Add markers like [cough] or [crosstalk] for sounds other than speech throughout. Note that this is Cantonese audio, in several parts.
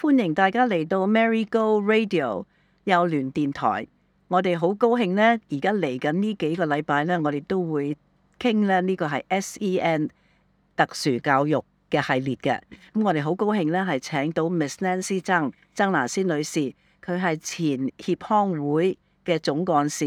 歡迎大家嚟到 Marygo Radio 幼聯電台，我哋好高興呢。而家嚟緊呢幾個禮拜呢，我哋都會傾咧。呢、這個係 SEN 特殊教育嘅系列嘅，咁我哋好高興呢，係請到 Miss Nancy Tsang，曾曾蘭斯女士，佢係前協康會嘅總幹事，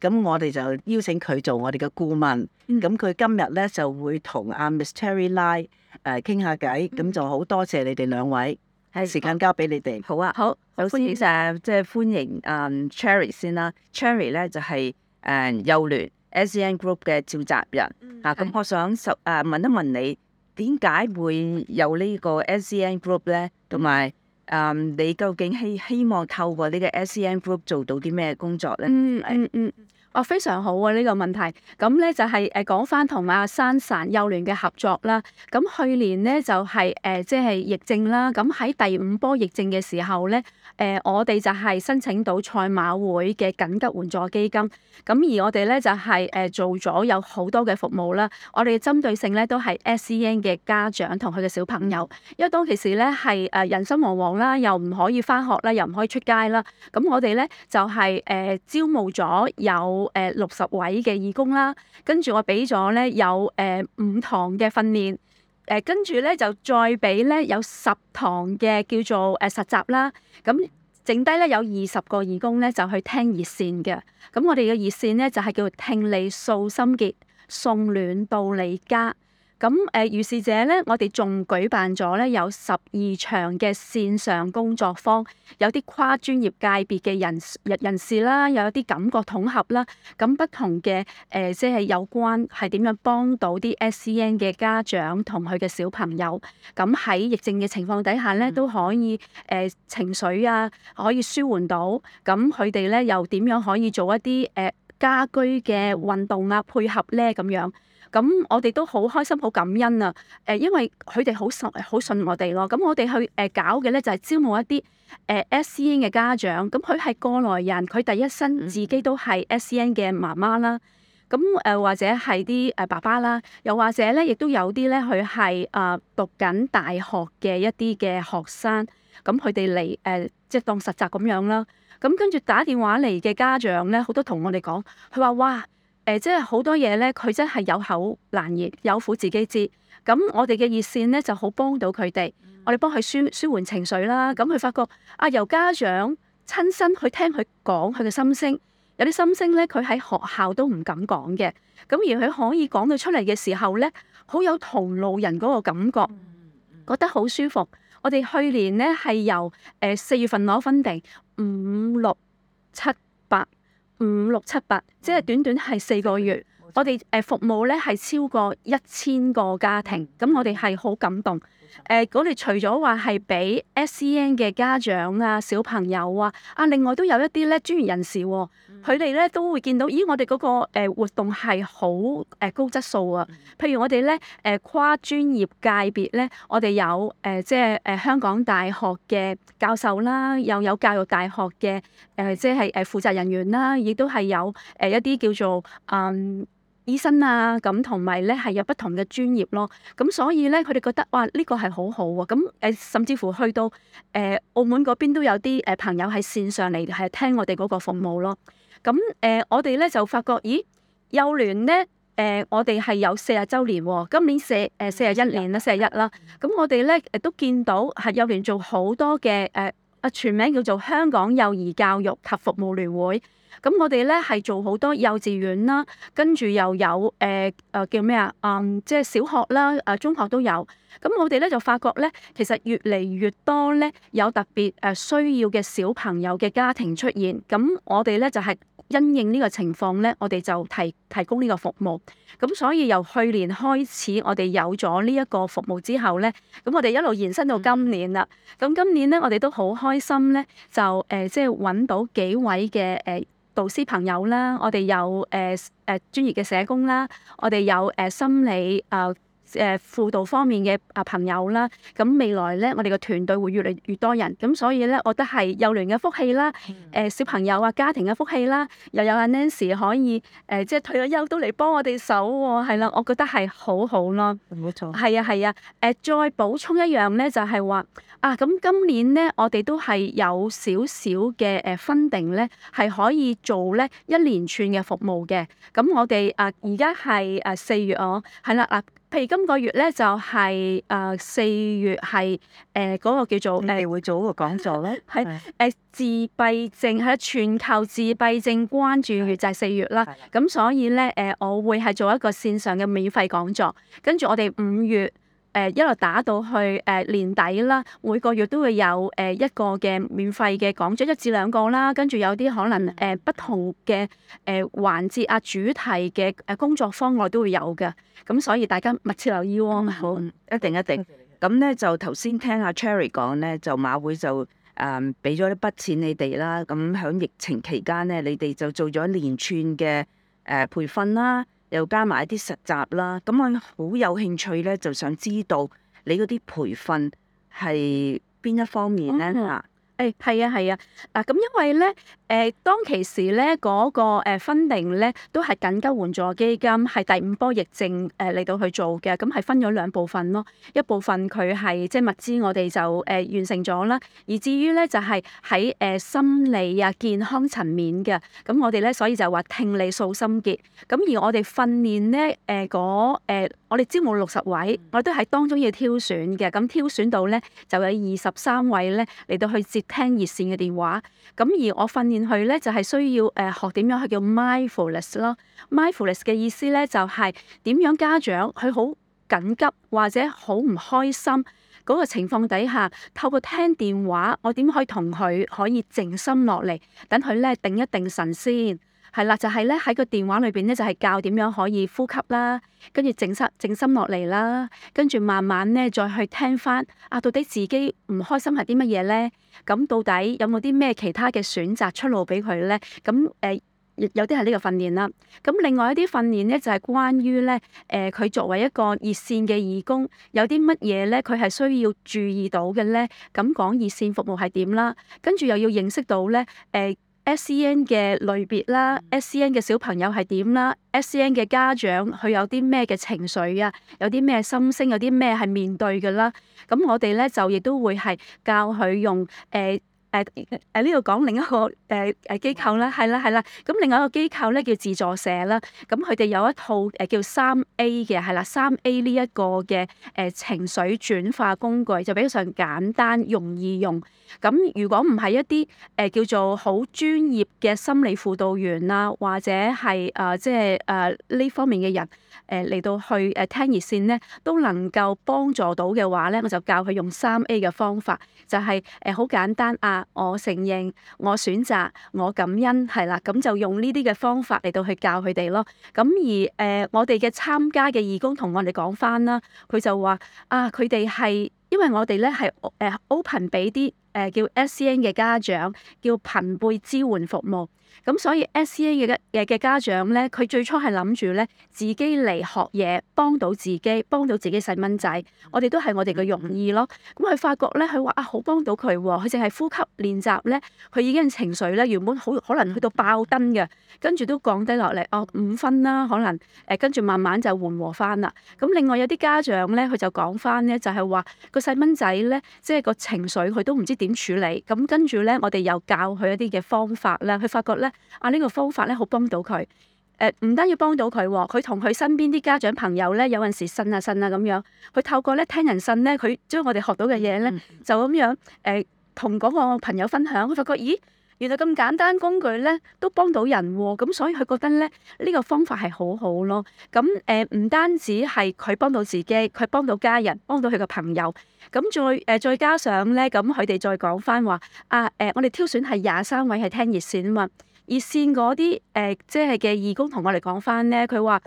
咁我哋就邀請佢做我哋嘅顧問。咁佢今日呢，就會同阿 Miss Cherry Lai 誒傾下偈，咁就好多謝你哋兩位。係，是時間交俾你哋。好啊，好，好，首先誒，即係歡迎誒、就是 um, Cherry 先啦。Cherry 咧就係誒幼聯 SCN Group 嘅召集人。嗯，咁、啊、我想十誒、啊、問一問你，點解會有個呢個 SCN Group 咧？同埋誒你究竟希希望透過呢個 SCN Group 做到啲咩工作咧、嗯？嗯嗯嗯。哦、啊，非常好啊！呢、這個問題，咁咧就係誒講返同阿珊珊幼聯嘅合作啦。咁去年咧就係誒即係疫症啦。咁喺第五波疫症嘅時候咧。誒，我哋就係申請到賽馬會嘅緊急援助基金，咁而我哋咧就係誒做咗有好多嘅服務啦。我哋針對性咧都係 SEN 嘅家長同佢嘅小朋友，因為當其時咧係誒人心惶惶啦，又唔可以返學啦，又唔可以出街啦。咁我哋咧就係誒招募咗有誒六十位嘅義工啦，跟住我俾咗咧有誒五堂嘅訓練。誒，跟住咧就再俾咧有十堂嘅叫做誒、呃、實習啦，咁剩低咧有二十個義工咧就去聽熱線嘅，咁我哋嘅熱線咧就係叫做「聽你訴心結，送暖到你家」。咁誒，於是者咧，我哋仲舉辦咗咧有十二場嘅線上工作坊，有啲跨專業界別嘅人人士啦，又有啲感覺統合啦，咁不同嘅誒，即、呃、係、就是、有關係點樣幫到啲 SEN 嘅家長同佢嘅小朋友，咁喺疫症嘅情況底下咧，都可以誒、呃、情緒啊，可以舒緩到，咁佢哋咧又點樣可以做一啲誒、呃、家居嘅運動啊配合咧咁樣？咁我哋都好開心，好感恩啊！誒，因為佢哋好信，好信我哋咯。咁我哋去誒搞嘅咧，就係、是、招募一啲誒、呃、SEN 嘅家長。咁佢係過來人，佢第一身自己都係 SEN 嘅媽媽啦。咁誒、呃、或者係啲誒爸爸啦，又或者咧，亦都有啲咧，佢係誒讀緊大學嘅一啲嘅學生。咁佢哋嚟誒即係當實習咁樣啦。咁跟住打電話嚟嘅家長咧，好多同我哋講，佢話哇～誒、呃、即係好多嘢咧，佢真係有口難言，有苦自己知。咁我哋嘅熱線咧就好幫到佢哋，我哋幫佢舒舒緩情緒啦。咁佢發覺啊，由家長親身去聽佢講佢嘅心聲，有啲心聲咧佢喺學校都唔敢講嘅。咁而佢可以講到出嚟嘅時候咧，好有同路人嗰個感覺，覺得好舒服。我哋去年咧係由誒四、呃、月份攞分定五六七八。5, 6, 7, 8, 五六七八，即係短短係四個月。我哋誒服務咧係超過一千個家庭，咁我哋係好感動。誒、呃，我哋除咗話係俾 SEN 嘅家長啊、小朋友啊，啊，另外都有一啲咧專業人士喎、啊，佢哋咧都會見到，咦，我哋嗰個活動係好誒高質素啊。譬如我哋咧誒跨專業界別咧，我哋有誒、呃、即係誒香港大學嘅教授啦，又有教育大學嘅誒、呃、即係誒負責人員啦，亦都係有誒一啲叫做嗯。醫生啊，咁同埋咧係有不同嘅專業咯，咁所以咧佢哋覺得哇呢、這個係好好、啊、喎，咁、嗯、誒甚至乎去到誒、呃、澳門嗰邊都有啲誒朋友喺線上嚟係聽我哋嗰個服務咯，咁、嗯、誒、呃、我哋咧就發覺咦幼聯咧誒、呃、我哋係有四十週年喎，今年四誒四十一年啦，四十一啦，咁、嗯嗯、我哋咧誒都見到係幼、啊、聯做好多嘅誒。呃全名叫做香港幼兒教育及服務聯會，咁我哋咧係做好多幼稚園啦，跟住又有誒誒、呃、叫咩啊？嗯，即係小學啦，誒中學都有。咁我哋咧就發覺咧，其實越嚟越多咧有特別誒需要嘅小朋友嘅家庭出現。咁我哋咧就係、是。因應呢個情況咧，我哋就提提供呢個服務。咁所以由去年開始，我哋有咗呢一個服務之後咧，咁我哋一路延伸到今年啦。咁今年咧，我哋都好開心咧，就誒即係揾到幾位嘅誒、呃、導師朋友啦。我哋有誒誒、呃、專業嘅社工啦，我哋有誒、呃、心理啊。呃誒輔導方面嘅啊朋友啦，咁未來咧我哋嘅團隊會越嚟越多人，咁所以咧我覺得係幼聯嘅福氣啦，誒、mm. 小朋友啊家庭嘅福氣啦，又有阿 Nancy 可以誒、呃、即係退咗休都嚟幫我哋手喎，係啦、啊，我覺得係好好咯，冇錯，係啊係啊，誒、啊、再補充一樣咧就係、是、話啊咁今年咧我哋都係有少少嘅誒 funding 咧，係可以做咧一連串嘅服務嘅，咁我哋啊而家係誒四月哦，係啦嗱。譬如今個月咧就係誒四月係誒嗰個叫做，你哋會做嗰個講座咧？係誒、呃、自閉症係全球自閉症關注月就係、係、四月啦。咁所以咧誒、呃，我會係做一個線上嘅免費講座，跟住我哋五月。誒一路打到去誒、呃、年底啦，每個月都會有誒、呃、一個嘅免費嘅講座，一至兩個啦，跟住有啲可能誒、呃、不同嘅誒、呃、環節啊、主題嘅誒工作方案都會有嘅，咁所以大家密切留意喎、哦。嗯、好，一定一定。咁咧、嗯、就頭先聽阿 Cherry 講咧，就馬會就誒俾咗一筆錢你哋啦，咁喺疫情期間咧，你哋就做咗一連串嘅誒培訓啦。又加埋一啲實習啦，咁我好有興趣咧，就想知道你嗰啲培訓係邊一方面咧、嗯哎啊啊？啊，誒係啊係啊。嗱，咁因為咧。誒當其時咧，嗰個分定咧都係緊急援助基金，係第五波疫症誒嚟到去做嘅，咁係分咗兩部分咯。一部分佢係即物資，我哋就誒完成咗啦。而至於咧就係喺誒心理啊健康層面嘅，咁我哋咧所以就話聽你掃心結。咁而我哋訓練咧誒嗰，我哋招募六十位，我都係當中要挑選嘅。咁挑選到咧就有二十三位咧嚟到去接聽熱線嘅電話。咁而我訓練佢咧就係、是、需要誒、呃、學點樣去叫 mindfulness 咯，mindfulness 嘅意思咧就係、是、點樣家長佢好緊急或者好唔開心嗰、那個情況底下，透過聽電話，我點可以同佢可以靜心落嚟，等佢咧定一定神先。係啦，就係咧喺個電話裏邊咧，就係教點樣可以呼吸啦，跟住靜，靜心靜心落嚟啦，跟住慢慢咧再去聽翻，啊到底自己唔開心係啲乜嘢咧？咁到底有冇啲咩其他嘅選擇出路俾佢咧？咁誒，有啲係呢個訓練啦。咁另外一啲訓練咧就係關於咧，誒，佢作為一個熱線嘅義工，有啲乜嘢咧佢係需要注意到嘅咧？咁講熱線服務係點啦？跟住又要認識到咧，誒。SEN 嘅類別啦，SEN 嘅小朋友係點啦，SEN 嘅家長佢有啲咩嘅情緒啊，有啲咩心聲，有啲咩係面對嘅啦，咁我哋咧就亦都會係教佢用誒。呃誒誒呢度講另一個誒誒機構啦，係啦係啦，咁另外一個機構咧叫自助社啦，咁佢哋有一套誒叫三 A 嘅，係啦三 A 呢一個嘅誒情緒轉化工具，就比較上簡單容易用。咁如果唔係一啲誒叫做好專業嘅心理輔導員啦，或者係啊，即係啊呢方面嘅人誒嚟到去誒聽熱線咧，都能夠幫助到嘅話咧，我就教佢用三 A 嘅方法，就係誒好簡單啊！我承認，我選擇，我感恩，係啦，咁就用呢啲嘅方法嚟到去教佢哋囉。咁而誒，我哋嘅參加嘅義工同我哋講返啦，佢就話啊，佢哋係因為我哋呢係誒 open 俾啲。誒叫 SEN 嘅家長叫朋輩支援服務，咁所以 SEN 嘅嘅嘅家長咧，佢最初係諗住咧自己嚟學嘢，幫到自己，幫到自己細蚊仔。我哋都係我哋嘅容易咯。咁佢發覺咧，佢話啊，好幫到佢喎。佢淨係呼吸練習咧，佢已經情緒咧原本好可能去到爆燈嘅，跟住都降低落嚟，哦五分啦，可能誒跟住慢慢就緩和翻啦。咁另外有啲家長咧，佢就講翻咧，就係話個細蚊仔咧，即係個情緒佢都唔知點點處理？咁跟住咧，我哋又教佢一啲嘅方法啦。佢發覺咧，啊呢、這個方法咧好幫到佢。誒、呃，唔單要幫到佢，佢同佢身邊啲家長朋友咧，有陣時呻啊呻啊咁樣。佢透過咧聽人呻咧，佢將我哋學到嘅嘢咧，嗯、就咁樣誒，同、呃、嗰個朋友分享。佢發覺，咦？原來咁簡單工具咧都幫到人喎、哦，咁所以佢覺得咧呢、這個方法係好好咯。咁誒唔單止係佢幫到自己，佢幫到家人，幫到佢個朋友。咁再誒再加上咧，咁佢哋再講翻話啊誒、呃，我哋挑選係廿三位係聽熱線啊、哦、嘛。熱線嗰啲誒即係嘅義工同我哋講翻咧，佢話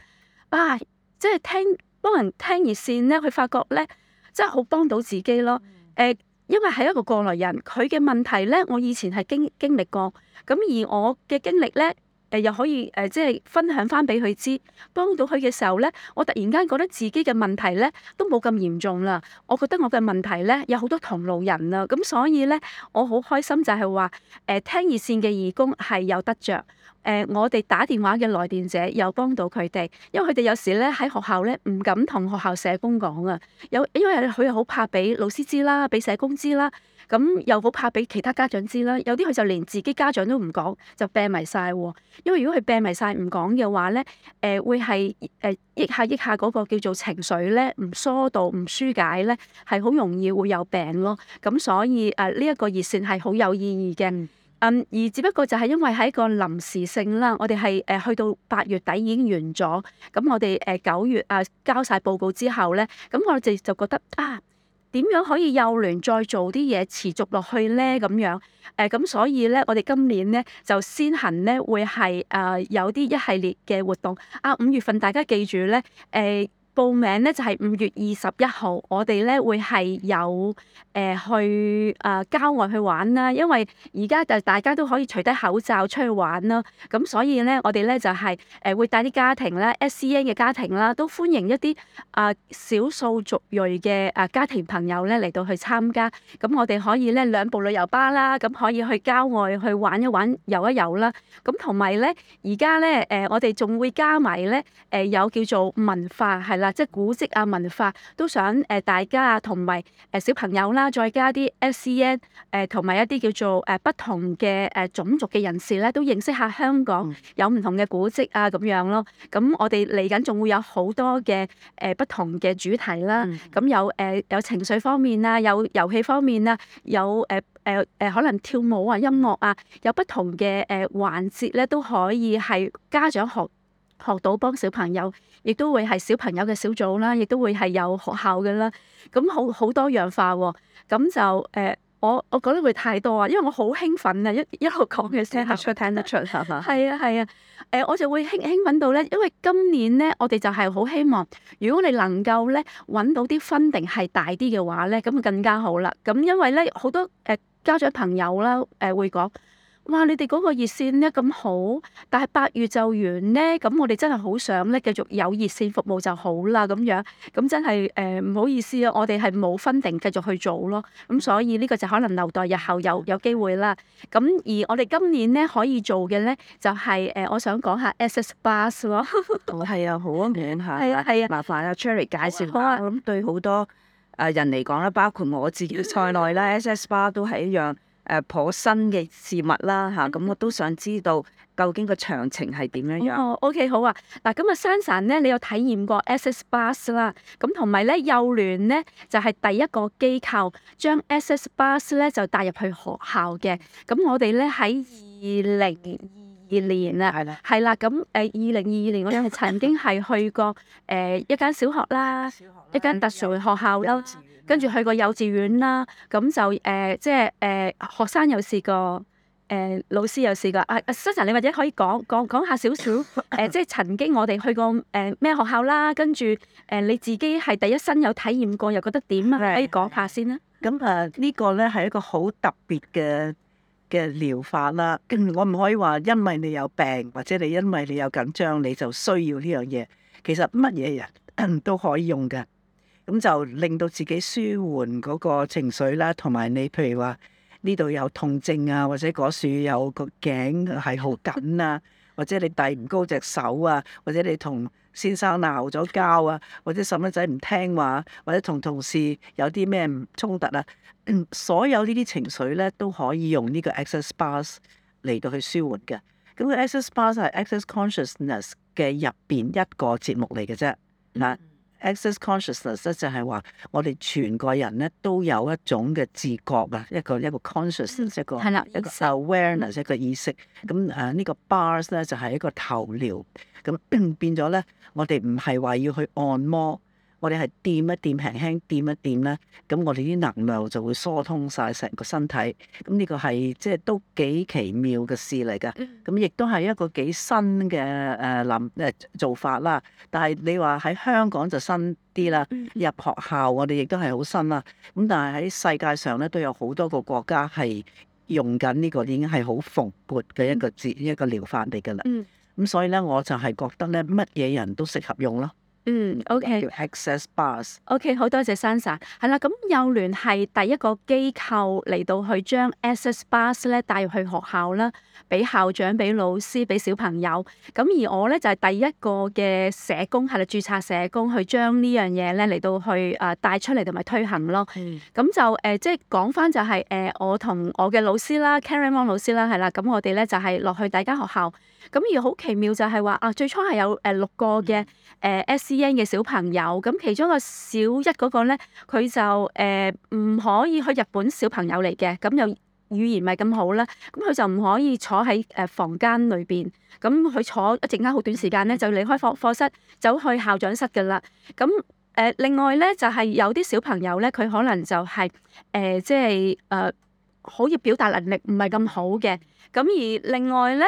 啊即係、就是、聽幫人聽熱線咧，佢發覺咧即係好幫到自己咯。誒、呃。因為係一個過來人，佢嘅問題咧，我以前係經經歷過，咁而我嘅經歷咧，誒又可以誒即係分享翻俾佢知，幫到佢嘅時候咧，我突然間覺得自己嘅問題咧都冇咁嚴重啦，我覺得我嘅問題咧有好多同路人啦，咁所以咧我好開心就係話誒聽熱線嘅義工係有得着。誒、呃，我哋打電話嘅來電者又幫到佢哋，因為佢哋有時咧喺學校咧唔敢同學校社工講啊，有因為佢又好怕俾老師知啦，俾社工知啦，咁又好怕俾其他家長知啦，有啲佢就連自己家長都唔講，就病埋晒喎。因為如果佢病埋晒唔講嘅話咧，誒、呃、會係誒壓下壓下嗰個叫做情緒咧，唔疏導唔疏解咧，係好容易會有病咯。咁所以誒呢一個熱線係好有意義嘅。嗯，而只不過就係因為喺個臨時性啦，我哋係誒去到八月底已經完咗，咁我哋誒九月啊、呃、交晒報告之後咧，咁我哋就覺得啊，點樣可以幼聯再做啲嘢持續落去咧咁樣？誒、呃、咁所以咧，我哋今年咧就先行咧會係誒、呃、有啲一,一系列嘅活動啊，五月份大家記住咧誒。呃報名咧就係、是、五月二十一號，我哋咧會係有誒、呃、去誒、呃、郊外去玩啦，因為而家就大家都可以除低口罩出去玩啦，咁所以咧我哋咧就係、是、誒會帶啲家庭咧，SEN 嘅家庭啦，都歡迎一啲啊少數族裔嘅啊家庭朋友咧嚟到去參加，咁我哋可以咧兩部旅遊巴啦，咁可以去郊外去玩一玩遊一遊啦，咁同埋咧而家咧誒我哋仲會加埋咧誒有叫做文化系啦。即係古蹟啊，文化都想誒，大家啊，同埋誒小朋友啦，再加啲 SEN 誒，同埋一啲叫做誒不同嘅誒種族嘅人士咧，都認識下香港有唔同嘅古蹟啊，咁樣咯。咁我哋嚟緊仲會有好多嘅誒不同嘅主題啦。咁、嗯、有誒有情緒方面啊，有遊戲方面啊，有誒誒誒可能跳舞啊、音樂啊，有不同嘅誒環節咧，都可以係家長學學到幫小朋友，亦都會係小朋友嘅小組啦，亦都會係有學校嘅啦，咁好好多樣化，哦。咁就誒、呃，我我覺得會太多啊，因為我好興奮啊，一一路講嘅聲得出聽得出嚇，係啊係啊，誒、啊啊呃、我就會興興奮到咧，因為今年咧，我哋就係好希望，如果你能夠咧揾到啲分定係大啲嘅話咧，咁就更加好啦。咁因為咧好多誒、呃、家長朋友啦，誒、呃、會講。哇！你哋嗰個熱線咧咁好，但係八月就完咧，咁我哋真係好想咧繼續有熱線服務就好啦咁樣。咁真係誒唔好意思啊，我哋係冇 funding 繼續去做咯。咁所以呢個就可能留待日後有有機會啦。咁而我哋今年咧可以做嘅咧就係誒，我想講下 SS bus 咯。係啊，好啊，講下。係啊，係啊。麻煩阿 Cherry 介紹下。好啊，咁對好多誒人嚟講咧，包括我自己在內啦，SS bus 都係一樣。誒頗新嘅事物啦嚇，咁、嗯、我都想知道究竟個詳情係點樣樣。哦，OK 好啊。嗱，咁啊，珊珊咧，你有體驗過 SS Bus 啦，咁同埋咧幼聯咧就係、是、第一個機構將 SS Bus 咧就帶入去學校嘅。咁我哋咧喺二零二二年啊，係啦、嗯，係啦的。咁誒二零二二年我哋曾經係去過誒、呃、一間小學啦。 [laughs] 一間特殊學校、啊、跟住去過幼稚園啦、啊，咁就誒，即係誒學生有試過，誒老師有試過。阿、啊、阿 Sansan，你或者可以講講講下少少，誒即係曾經我哋去過誒咩、呃、學校啦、啊，跟住誒、呃、你自己係第一身有體驗過，又覺得點啊？可以講下先啦。咁啊，呢、 [noise] 嗯嗯嗯這個咧係一個好特別嘅嘅療法啦。我唔可以話因為你有病或者你因為你有緊張你就需要呢樣嘢。其實乜嘢人都可以用㗎。咁就令到自己舒緩嗰個情緒啦，同埋你譬如話呢度有痛症啊，或者嗰處有個頸係好緊啊，或者你遞唔高隻手啊，或者你同先生鬧咗交啊，或者細蚊仔唔聽話、啊，或者同同事有啲咩衝突啊，所有呢啲情緒咧都可以用呢個 Access Bars 嚟到去舒緩嘅。咁、那個、Access Bars 就係 Access Consciousness 嘅入邊一個節目嚟嘅啫，嗱、mm。Hmm. Access consciousness 咧就係話，我哋全個人咧都有一種嘅自覺啊，一個一個 consciousness，一個 awareness，一個意識。咁誒，呢個 bars 咧就係一個頭療，咁變咗咧，我哋唔係話要去按摩。我哋係掂一掂，輕輕掂一掂咧，咁我哋啲能量就會疏通晒成個身體。咁呢個係即係都幾奇妙嘅事嚟噶。咁亦都係一個幾新嘅誒諗誒做法啦。但係你話喺香港就新啲啦，嗯、入學校我哋亦都係好新啊。咁但係喺世界上咧都有好多個國家係用緊呢個已經係好蓬勃嘅一個治、嗯、一個療法嚟㗎啦。咁、嗯、所以咧我就係覺得咧乜嘢人都適合用咯。嗯、mm，OK。叫 Access Bus。OK，好多謝 Sansan 係啦，咁幼聯係第一個機構嚟到去將 Access Bus 咧帶入去學校啦，俾校長、俾老師、俾小朋友。咁而我咧就係、是、第一個嘅社工，係啦，註冊社工去將呢樣嘢咧嚟到去啊帶出嚟同埋推行咯。咁、mm. 就誒、呃，即係講翻就係、是、誒、呃，我同我嘅老師啦，Karen Wong 老師啦，係啦，咁我哋咧就係、是、落去第一間學校。咁而好奇妙就係話啊，最初係有誒六個嘅誒、呃、SEN 嘅小朋友，咁其中個小一嗰個咧，佢就誒唔、呃、可以，去日本小朋友嚟嘅，咁又語言咪咁好啦，咁佢就唔可以坐喺誒房間裏邊，咁佢坐一陣間好短時間咧就離開課課室，走去校長室噶啦。咁誒、呃、另外咧就係、是、有啲小朋友咧，佢可能就係誒即係誒可以表達能力唔係咁好嘅，咁而另外咧。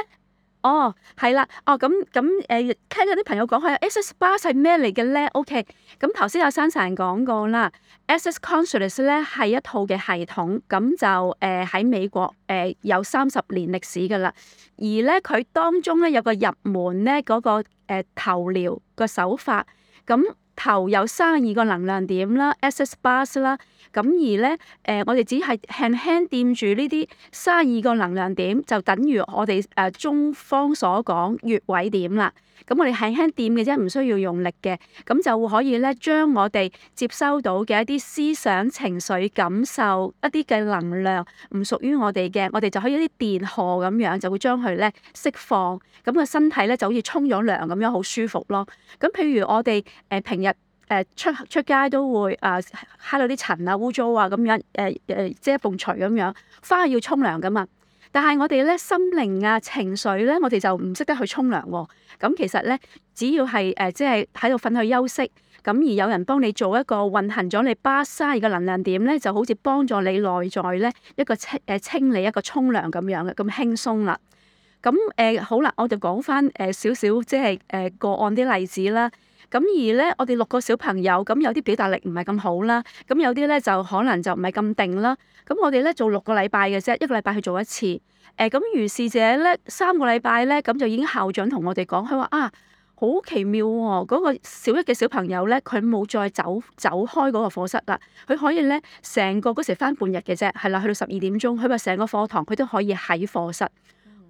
哦，係啦，哦咁咁誒，聽有啲朋友講，係 SSB 係咩嚟嘅咧？OK，咁頭先有 Sansan 講過啦，SS Consultants 咧係一套嘅系統，咁、嗯、就誒喺美國誒、嗯、有三十年歷史噶啦，而咧佢當中咧有個入門咧嗰、那個誒頭、嗯、療個手法，咁、嗯。頭有三十二個能量點啦，S S bus 啦，咁而咧，誒我哋只係輕輕掂住呢啲三十二個能量點，就等於我哋誒、呃、中方所講穴位點啦。咁我哋輕輕掂嘅啫，唔需要用力嘅，咁就會可以咧將我哋接收到嘅一啲思想、情緒、感受一啲嘅能量，唔屬於我哋嘅，我哋就可以一啲電荷咁樣就會將佢咧釋放，咁個身體咧就好似沖咗涼咁樣好舒服咯。咁譬如我哋誒平日誒出出街都會啊揩到啲塵啊、污糟啊咁樣誒誒即係逢除咁樣，翻、啊啊、去要沖涼噶嘛。但係我哋咧心靈啊情緒咧，我哋就唔識得去沖涼喎。咁、嗯、其實咧，只要係誒即係喺度瞓去休息，咁、呃就是呃、而有人幫你做一個運行咗你巴沙嘅能量點咧，就好似幫助你內在咧一個清誒、呃、清理一個沖涼咁樣嘅咁輕鬆啦。咁、嗯、誒、呃、好啦，我就講返誒少少即係誒個案啲例子啦。咁而咧，我哋六個小朋友咁有啲表達力唔係咁好啦，咁有啲咧就可能就唔係咁定啦。咁我哋咧做六個禮拜嘅啫，一個禮拜去做一次。誒咁如是者咧，三個禮拜咧咁就已經校長同我哋講，佢話啊，好奇妙喎！嗰個小一嘅小朋友咧，佢冇再走走開嗰個課室啦，佢可以咧成個嗰時返半日嘅啫，係啦，去到十二點鐘，佢話成個課堂佢都可以喺課室。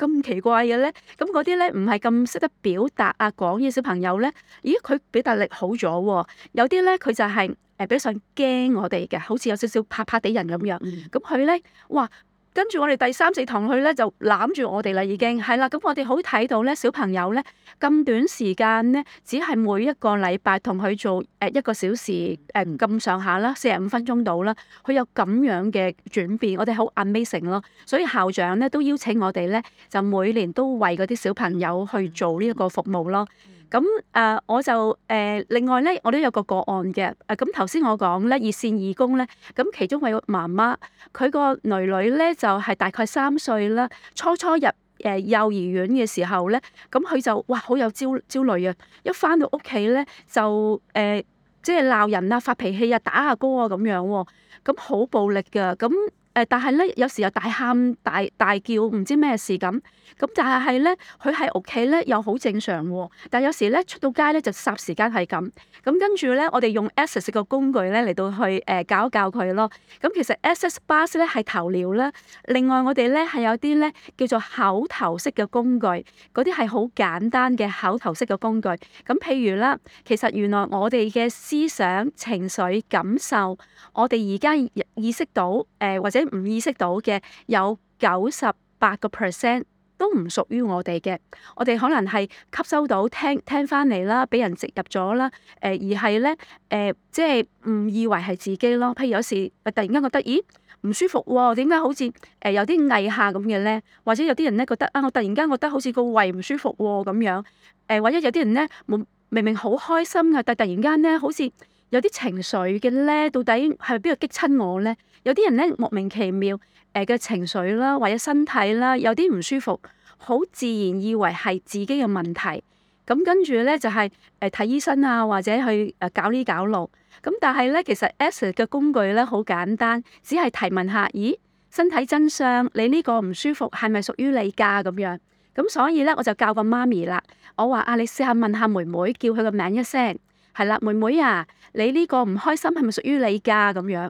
咁奇怪嘅咧，咁嗰啲咧唔係咁識得表達啊，講嘢小朋友咧，咦佢表達力好咗喎，有啲咧佢就係、是、誒、呃、比較驚我哋嘅，好似有少少怕怕地人咁樣，咁佢咧，哇！跟住我哋第三四堂去咧，就攬住我哋啦，已經係啦。咁我哋好睇到咧，小朋友咧咁短時間咧，只係每一個禮拜同佢做誒一個小時誒咁上下啦，四十五分鐘度啦，佢有咁樣嘅轉變，我哋好 amazing 咯。所以校長咧都邀請我哋咧，就每年都為嗰啲小朋友去做呢一個服務咯。咁誒、嗯，我就誒、呃、另外咧，我都有個個案嘅。誒咁頭先我講咧熱線義工咧，咁其中位媽媽，佢個女女咧就係、是、大概三歲啦，初初入誒、呃、幼兒園嘅時候咧，咁佢就哇好有焦焦慮啊！一返到屋企咧就誒、呃、即係鬧人啊、發脾氣啊、打下哥啊咁樣喎、哦，咁好暴力嘅咁。嗯誒，但係咧，有時又大喊大大叫，唔知咩事咁。咁但係係咧，佢喺屋企咧又好正常喎。但係有時咧出到街咧就霎時間係咁。咁跟住咧，我哋用 Access 嘅工具咧嚟到去誒、呃、教一教佢咯。咁其實 Access 巴士咧係投料啦。另外我哋咧係有啲咧叫做口頭式嘅工具，嗰啲係好簡單嘅口頭式嘅工具。咁、呃、譬如啦，其實原來我哋嘅思想、情緒、感受，我哋而家意識到誒、呃、或者。唔意識到嘅有九十八個 percent 都唔屬於我哋嘅，我哋可能係吸收到聽聽翻嚟啦，俾人植入咗啦。誒、呃、而係咧誒，即係誤以為係自己咯。譬如有時突然間覺得，咦，唔舒服喎、哦，點解好似誒有啲翳下咁嘅咧？或者有啲人咧覺得啊，我突然間覺得好似個胃唔舒服喎、哦、咁樣。誒、呃、或者有啲人咧，明明好開心呀，但突然間咧好似。有啲情緒嘅咧，到底係邊度激親我咧？有啲人咧莫名其妙誒嘅、呃、情緒啦，或者身體啦，有啲唔舒服，好自然以為係自己嘅問題。咁、嗯、跟住咧就係誒睇醫生啊，或者去誒、呃、搞呢搞路。咁、嗯、但係咧，其實 s 嘅工具咧好簡單，只係提問下，咦，身體真相，你呢個唔舒服係咪屬於你㗎咁樣？咁、嗯、所以咧，我就教個媽咪啦，我話啊，你試下問下妹妹，叫佢個名一聲。係啦，妹妹啊，你呢個唔開心係咪屬於你㗎咁樣？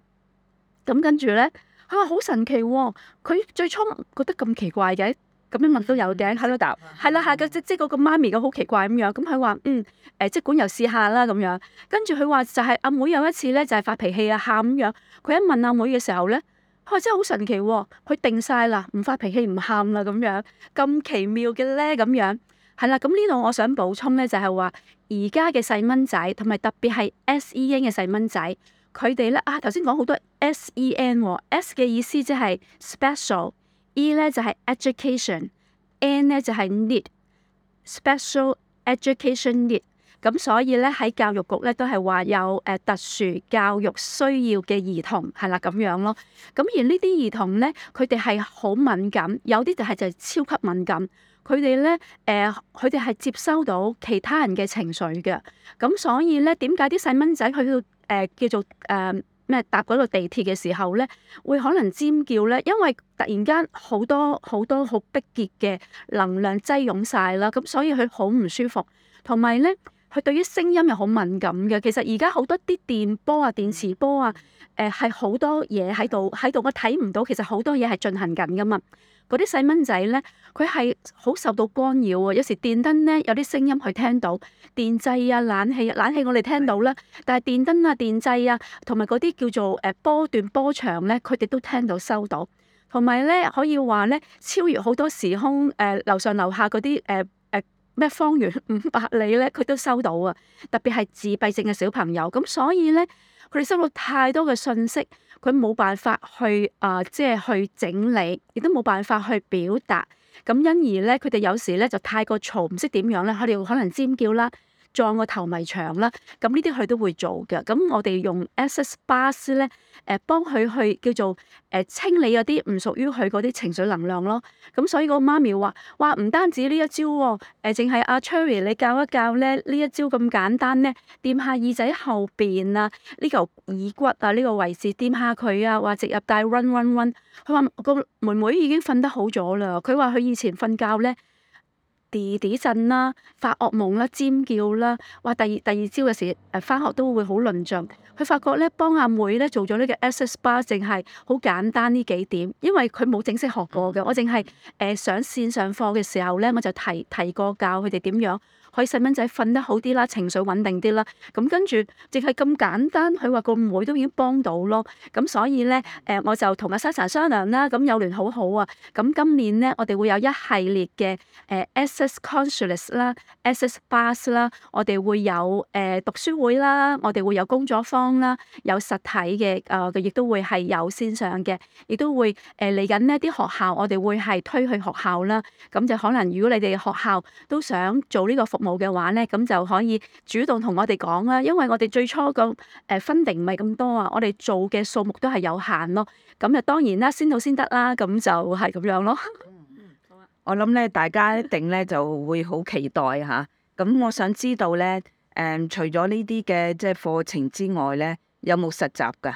咁跟住咧，佢話好神奇喎、哦。佢最初覺得咁奇怪嘅，咁一問都有嘅。阿老豆係啦，係個即即嗰個媽咪咁好奇怪咁樣。咁佢話嗯誒，即、呃、管又試下啦咁樣。跟住佢話就係、是、阿妹有一次咧，就係、是、發脾氣啊，喊咁樣。佢一問阿妹嘅時候咧，佢真係好神奇喎、哦。佢定晒啦，唔發脾氣，唔喊啦咁樣，咁奇妙嘅咧咁樣。係啦，咁呢度我想補充咧，就係話而家嘅細蚊仔同埋特別係 SEN 嘅細蚊仔，佢哋咧，啊頭先講好多 SEN 喎，S 嘅意思即係 special，E 咧就係 education，N 咧就係 need，special education need。咁所以咧喺教育局咧都係話有誒特殊教育需要嘅兒童係啦咁樣咯。咁而呢啲兒童咧，佢哋係好敏感，有啲就係就係超級敏感。佢哋咧，誒，佢哋係接收到其他人嘅情緒嘅，咁所以咧，點解啲細蚊仔去到誒、呃、叫做誒咩、呃、搭嗰個地鐵嘅時候咧，會可能尖叫咧？因為突然間好多好多好逼結嘅能量擠擁晒啦，咁所以佢好唔舒服，同埋咧，佢對於聲音又好敏感嘅。其實而家好多啲電波啊、電磁波啊，誒係好多嘢喺度喺度，我睇唔到，其實好多嘢係進行緊㗎嘛。嗰啲細蚊仔咧，佢係好受到干擾喎。有時電燈咧，有啲聲音佢聽到，電掣啊、冷氣、啊、冷氣我哋聽到啦。的但係電燈啊、電掣啊，同埋嗰啲叫做誒波段波長咧，佢哋都聽到收到。同埋咧，可以話咧，超越好多時空誒、呃，樓上樓下嗰啲誒誒咩方圓五百里咧，佢都收到啊。特別係自閉症嘅小朋友，咁所以咧，佢哋收到太多嘅信息，佢冇辦法去啊，呃，即係去整理，亦都冇辦法去表達，咁因而咧，佢哋有時咧就太過嘈，唔識點樣咧，佢哋可能尖叫啦。撞個頭迷牆啦，咁呢啲佢都會做㗎。咁我哋用 S S 巴斯咧，誒、呃、幫佢去叫做誒、呃、清理嗰啲唔屬於佢嗰啲情緒能量咯。咁所以個媽咪話，哇，唔單止呢一招喎、哦，誒、呃，淨係阿、啊、Cherry 你教一教咧，呢一招咁簡單咧，掂下耳仔後邊啊，呢嚿耳骨啊，呢、這個位置掂下佢啊，話直入帶 run run run。佢話個妹妹已經瞓得好咗啦。佢話佢以前瞓覺咧。地地震啦，發惡夢啦，尖叫啦，哇！第二第二朝嘅時，誒、呃、翻學都會好論盡。佢發覺咧，幫阿妹咧做咗呢個 ASMR，淨係好簡單呢幾點，因為佢冇正式學過嘅。我淨係誒上線上課嘅時候咧，我就提提過教佢哋點樣。佢細蚊仔瞓得好啲啦，情緒穩定啲啦，咁跟住淨係咁簡單，佢話個誤會都已經幫到咯，咁所以咧誒我就同阿珊珊商量啦，咁幼聯好好啊，咁今年咧我哋會有一系列嘅誒 A、呃、ccess CONSULTS 啦 Access Bus 啦，我哋會有誒、呃、讀書會啦，我哋會有工作坊啦，有實體嘅誒，亦、呃、都會係有線上嘅，亦都會誒嚟緊咧啲學校，我哋會係推去學校啦，咁就可能如果你哋學校都想做呢個服。冇嘅話咧，咁就可以主動同我哋講啦。因為我哋最初個誒 funding 唔係咁多啊，我哋做嘅數目都係有限咯。咁啊，當然啦，先到先得啦。咁就係咁樣咯。我諗咧，大家一定咧就會好期待吓。咁、啊、我想知道咧，誒、嗯，除咗呢啲嘅即係課程之外咧，有冇實習噶？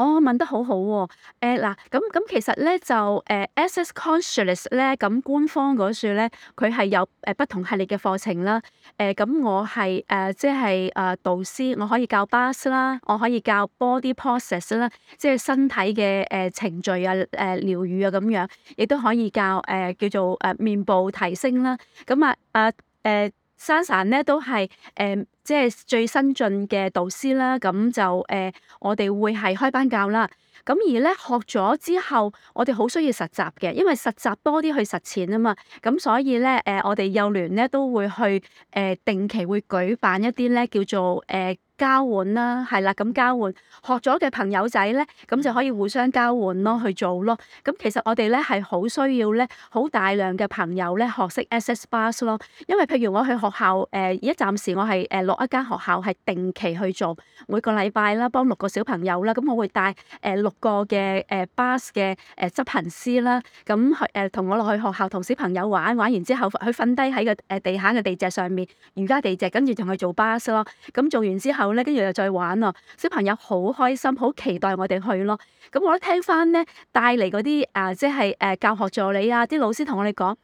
我、oh，問得好好、哦、喎，誒、哎、嗱，咁咁其實咧就誒 Access Consciousness 咧，咁、呃、官方嗰處咧，佢係有誒不同系列嘅課程啦，誒、呃、咁我係誒即係誒導師，我可以教 Bars 啦，我可以教 Body Process 啦，即係身體嘅誒、呃、程序啊，誒、呃、療愈啊咁樣，亦都可以教誒、呃、叫做誒、呃、面部提升啦，咁啊誒誒。呃呃珊珊咧都係誒，即係最新進嘅導師啦，咁就誒，我哋會係開班教啦。咁而咧學咗之後，我哋好需要實習嘅，因為實習多啲去實踐啊嘛。咁所以咧誒，我哋幼聯咧都會去誒定期會舉辦一啲咧叫做誒交換啦，係啦，咁交換學咗嘅朋友仔咧，咁就可以互相交換咯，去做咯。咁其實我哋咧係好需要咧，好大量嘅朋友咧學識 SS bus 咯。因為譬如我去學校誒，而家暫時我係誒落一間學校係定期去做每個禮拜啦，幫六個小朋友啦，咁我會帶誒六個嘅誒 bus 嘅誒執行師啦，咁誒同我落去學校同小朋友玩，玩完之後佢瞓低喺個誒地下嘅地席上面瑜伽地席，跟住同佢做 bus 咯。咁做完之後。咧，跟住又再玩啊！小朋友好開心，好期待我哋去咯。咁我咧聽翻咧，帶嚟嗰啲啊，即係誒、呃，教學助理啊，啲老師同我哋講，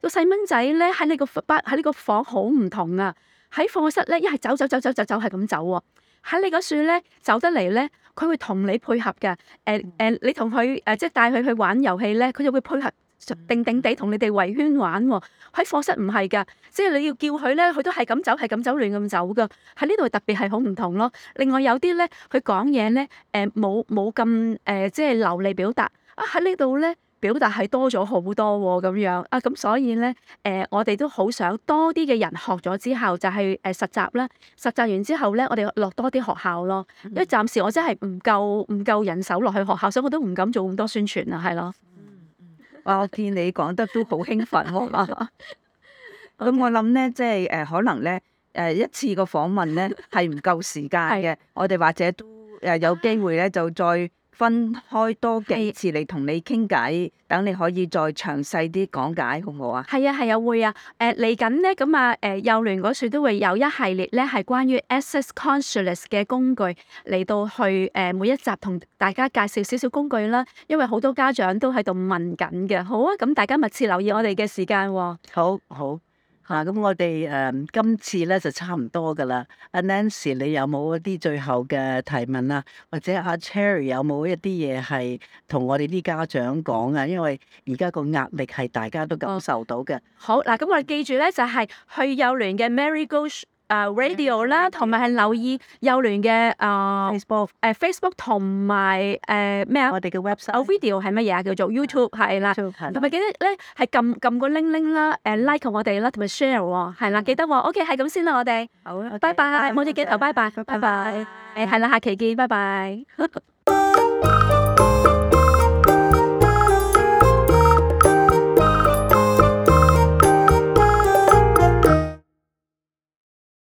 個細蚊仔咧喺你個室喺呢個房好唔同啊！喺課室咧，一係走走走走走走係咁走喎、啊。喺你嗰處咧走得嚟咧，佢會同你配合噶。誒、呃、誒、呃，你同佢誒，即係帶佢去玩遊戲咧，佢就會配合。定定地同你哋圍圈玩喎、哦，喺課室唔係噶，即係你要叫佢咧，佢都係咁走，係咁走，亂咁走噶。喺呢度特別係好唔同咯。另外有啲咧，佢講嘢咧，誒冇冇咁誒，即係流利表達啊。喺呢度咧，表達係多咗好多喎、哦，咁樣啊，咁所以咧，誒、呃、我哋都好想多啲嘅人學咗之後就係誒實習啦。實習完之後咧，我哋落多啲學校咯，因為暫時我真係唔夠唔夠人手落去學校，所以我都唔敢做咁多宣傳啊，係咯。 [laughs] 我見你講得都好興奮喎，咁 [laughs] [laughs] 我諗咧，即係誒可能咧誒一次個訪問咧係唔夠時間嘅， [laughs] 我哋或者都誒有機會咧就再。分開多幾次嚟同你傾偈，是等你可以再詳細啲講解，好唔好啊？係啊，係啊，會啊。誒嚟緊咧，咁啊，誒幼聯嗰處都會有一系列咧係關於 Access Conscious 嘅工具嚟到去誒、uh, 每一集同大家介紹少少工具啦。因為好多家長都喺度問緊嘅，好啊，咁大家密切留意我哋嘅時間喎、哦。好好。啊，咁我哋誒、嗯、今次咧就差唔多噶啦。a、啊、Nancy 你有冇一啲最後嘅提問啊？或者阿、啊、Cherry 有冇一啲嘢係同我哋啲家長講啊？因為而家個壓力係大家都感受到嘅、哦。好，嗱，咁我哋記住咧，就係、是、去幼聯嘅 Mary Goosh。radio 啦，同埋係留意幼聯嘅啊，Facebook，誒 Facebook 同埋誒咩啊？我哋嘅 website，啊 video 係乜嘢啊？叫做 YouTube 係啦，同埋記得咧係撳撳個鈴鈴啦，誒 like 我哋啦，同埋 share 喎，係啦，記得喎。OK，係咁先啦，我哋好啦，拜拜，冇事見頭，拜拜，拜拜，係啦，下期見，拜拜。